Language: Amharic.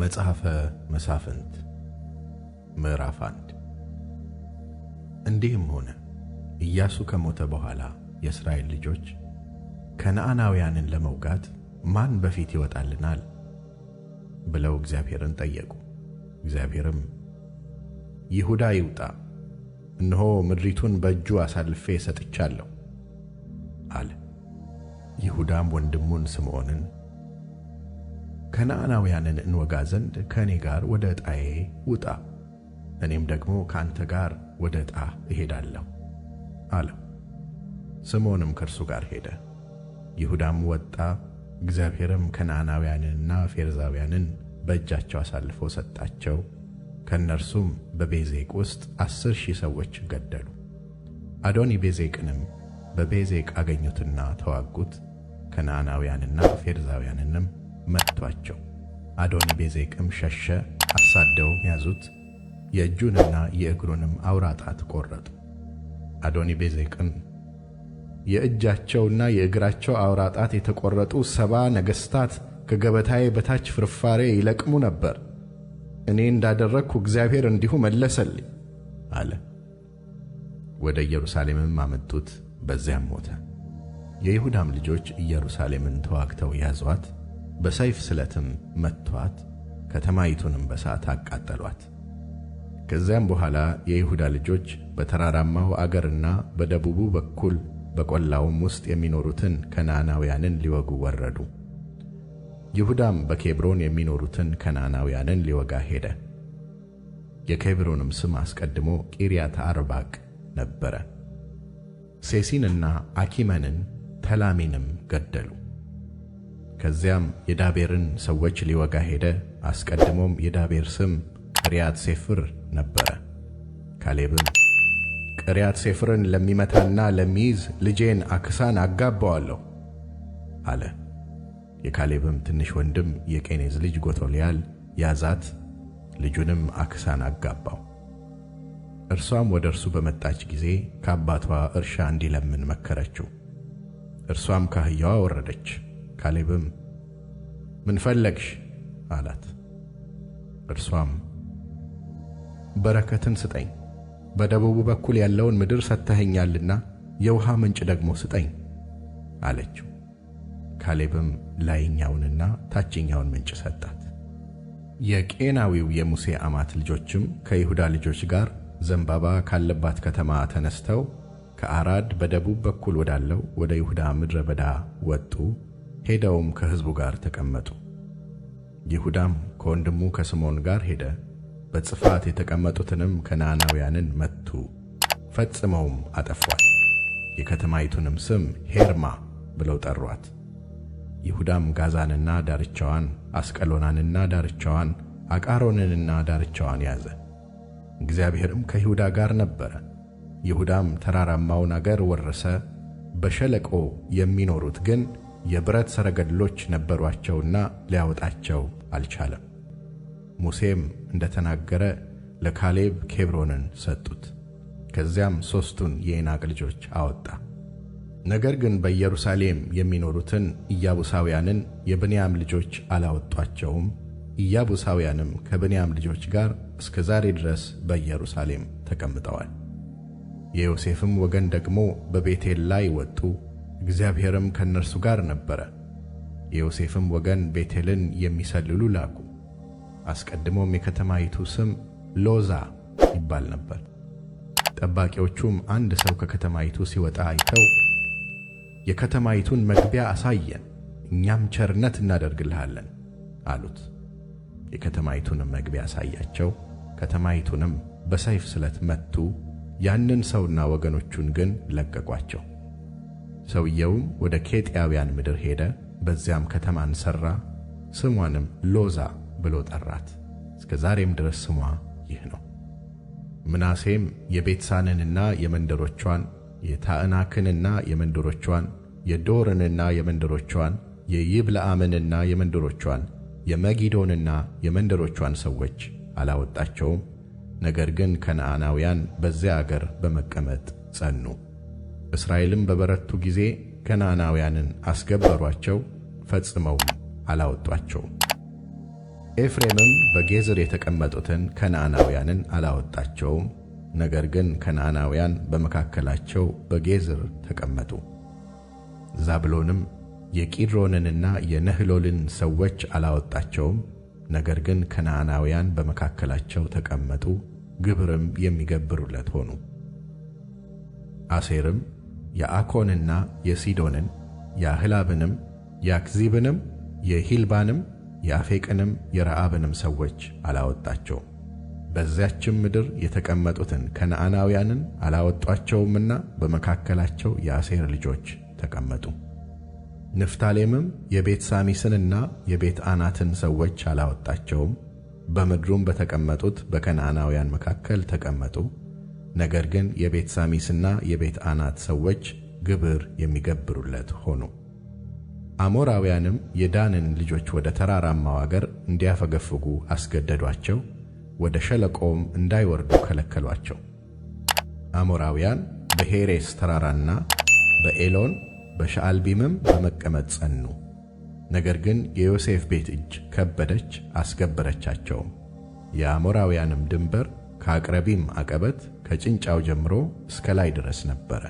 መጽሐፈ መሳፍንት ምዕራፍ አንድ እንዲህም ሆነ ኢያሱ ከሞተ በኋላ የእስራኤል ልጆች ከነዓናውያንን ለመውጋት ማን በፊት ይወጣልናል ብለው እግዚአብሔርን ጠየቁ። እግዚአብሔርም ይሁዳ ይውጣ፣ እነሆ ምድሪቱን በእጁ አሳልፌ ሰጥቻለሁ አለ። ይሁዳም ወንድሙን ስምዖንን ከነዓናውያንን እንወጋ ዘንድ ከእኔ ጋር ወደ ዕጣዬ ውጣ፣ እኔም ደግሞ ከአንተ ጋር ወደ ዕጣ እሄዳለሁ አለ። ስምዖንም ከእርሱ ጋር ሄደ። ይሁዳም ወጣ። እግዚአብሔርም ከነዓናውያንንና ፌርዛውያንን በእጃቸው አሳልፎ ሰጣቸው። ከእነርሱም በቤዜቅ ውስጥ አስር ሺህ ሰዎች ገደሉ። አዶኒ ቤዜቅንም በቤዜቅ አገኙትና ተዋጉት። ከነዓናውያንና ፌርዛውያንንም መቷቸው። አዶኒ ቤዜቅም ሸሸ። አሳደው ያዙት፣ የእጁንና የእግሩንም አውራጣት ቆረጡ። አዶኒ ቤዜቅም የእጃቸውና የእግራቸው አውራጣት የተቆረጡ ሰባ ነገሥታት ከገበታዬ በታች ፍርፋሬ ይለቅሙ ነበር፣ እኔ እንዳደረግሁ እግዚአብሔር እንዲሁ መለሰልኝ አለ። ወደ ኢየሩሳሌምም አመጡት፣ በዚያም ሞተ። የይሁዳም ልጆች ኢየሩሳሌምን ተዋግተው ያዟት። በሰይፍ ስለትም መቷት፣ ከተማይቱንም በሳት አቃጠሏት። ከዚያም በኋላ የይሁዳ ልጆች በተራራማው አገርና በደቡቡ በኩል በቈላውም ውስጥ የሚኖሩትን ከነዓናውያንን ሊወጉ ወረዱ። ይሁዳም በኬብሮን የሚኖሩትን ከነዓናውያንን ሊወጋ ሄደ። የኬብሮንም ስም አስቀድሞ ቂርያት አርባቅ ነበረ። ሴሲንና አኪመንን ተላሚንም ገደሉ። ከዚያም የዳቤርን ሰዎች ሊወጋ ሄደ። አስቀድሞም የዳቤር ስም ቅሪያት ሴፍር ነበረ። ካሌብም ቅሪያት ሴፍርን ለሚመታና ለሚይዝ ልጄን አክሳን አጋባዋለሁ አለ። የካሌብም ትንሽ ወንድም የቄኔዝ ልጅ ጎቶልያል ያዛት፣ ልጁንም አክሳን አጋባው። እርሷም ወደ እርሱ በመጣች ጊዜ ከአባቷ እርሻ እንዲለምን መከረችው። እርሷም ካህያዋ ወረደች። ካሌብም ምን ፈለግሽ አላት። እርሷም በረከትን ስጠኝ፣ በደቡቡ በኩል ያለውን ምድር ሰጥተኸኛልና የውሃ ምንጭ ደግሞ ስጠኝ አለችው። ካሌብም ላይኛውንና ታችኛውን ምንጭ ሰጣት። የቄናዊው የሙሴ አማት ልጆችም ከይሁዳ ልጆች ጋር ዘንባባ ካለባት ከተማ ተነስተው ከአራድ በደቡብ በኩል ወዳለው ወደ ይሁዳ ምድረ በዳ ወጡ። ሄደውም ከሕዝቡ ጋር ተቀመጡ። ይሁዳም ከወንድሙ ከስምዖን ጋር ሄደ። በጽፋት የተቀመጡትንም ከነዓናውያንን መቱ፣ ፈጽመውም አጠፏት። የከተማይቱንም ስም ሄርማ ብለው ጠሯት። ይሁዳም ጋዛንና ዳርቻዋን፣ አስቀሎናንና ዳርቻዋን፣ አቃሮንንና ዳርቻዋን ያዘ። እግዚአብሔርም ከይሁዳ ጋር ነበረ። ይሁዳም ተራራማውን አገር ወረሰ። በሸለቆ የሚኖሩት ግን የብረት ሰረገሎች ነበሯቸውና ሊያወጣቸው አልቻለም። ሙሴም እንደተናገረ ለካሌብ ኬብሮንን ሰጡት። ከዚያም ሦስቱን የኢናቅ ልጆች አወጣ። ነገር ግን በኢየሩሳሌም የሚኖሩትን ኢያቡሳውያንን የብንያም ልጆች አላወጧቸውም። ኢያቡሳውያንም ከብንያም ልጆች ጋር እስከ ዛሬ ድረስ በኢየሩሳሌም ተቀምጠዋል። የዮሴፍም ወገን ደግሞ በቤቴል ላይ ወጡ። እግዚአብሔርም ከእነርሱ ጋር ነበረ። የዮሴፍም ወገን ቤቴልን የሚሰልሉ ላኩ። አስቀድሞም የከተማይቱ ስም ሎዛ ይባል ነበር። ጠባቂዎቹም አንድ ሰው ከከተማይቱ ሲወጣ አይተው የከተማይቱን መግቢያ አሳየን፣ እኛም ቸርነት እናደርግልሃለን አሉት። የከተማይቱንም መግቢያ አሳያቸው። ከተማይቱንም በሰይፍ ስለት መቱ። ያንን ሰውና ወገኖቹን ግን ለቀቋቸው። ሰውየውም ወደ ኬጥያውያን ምድር ሄደ፣ በዚያም ከተማን ሠራ፣ ስሟንም ሎዛ ብሎ ጠራት። እስከ ዛሬም ድረስ ስሟ ይህ ነው። ምናሴም የቤትሳንንና የመንደሮቿን፣ የታዕናክንና የመንደሮቿን፣ የዶርንና የመንደሮቿን፣ የይብለአምንና የመንደሮቿን፣ የመጊዶንና የመንደሮቿን ሰዎች አላወጣቸውም። ነገር ግን ከነዓናውያን በዚያ አገር በመቀመጥ ጸኑ። እስራኤልም በበረቱ ጊዜ ከነዓናውያንን አስገበሯቸው፣ ፈጽመውም አላወጧቸው። ኤፍሬምም በጌዝር የተቀመጡትን ከነዓናውያንን አላወጣቸውም። ነገር ግን ከነዓናውያን በመካከላቸው በጌዝር ተቀመጡ። ዛብሎንም የቂድሮንንና የነህሎልን ሰዎች አላወጣቸውም። ነገር ግን ከነዓናውያን በመካከላቸው ተቀመጡ፣ ግብርም የሚገብሩለት ሆኑ። አሴርም የአኮንና የሲዶንን የአህላብንም የአክዚብንም የሂልባንም የአፌቅንም የረአብንም ሰዎች አላወጣቸውም። በዚያችም ምድር የተቀመጡትን ከነዓናውያንን አላወጧቸውምና በመካከላቸው የአሴር ልጆች ተቀመጡ። ንፍታሌምም የቤት ሳሚስንና የቤት አናትን ሰዎች አላወጣቸውም። በምድሩም በተቀመጡት በከነዓናውያን መካከል ተቀመጡ። ነገር ግን የቤት ሳሚስና የቤት አናት ሰዎች ግብር የሚገብሩለት ሆኑ። አሞራውያንም የዳንን ልጆች ወደ ተራራማው አገር እንዲያፈገፍጉ አስገደዷቸው፣ ወደ ሸለቆም እንዳይወርዱ ከለከሏቸው። አሞራውያን በሄሬስ ተራራና በኤሎን በሻአልቢምም በመቀመጥ ጸኑ። ነገር ግን የዮሴፍ ቤት እጅ ከበደች፣ አስገበረቻቸውም። የአሞራውያንም ድንበር ከአቅረቢም አቀበት ከጭንጫው ጀምሮ እስከ ላይ ድረስ ነበረ።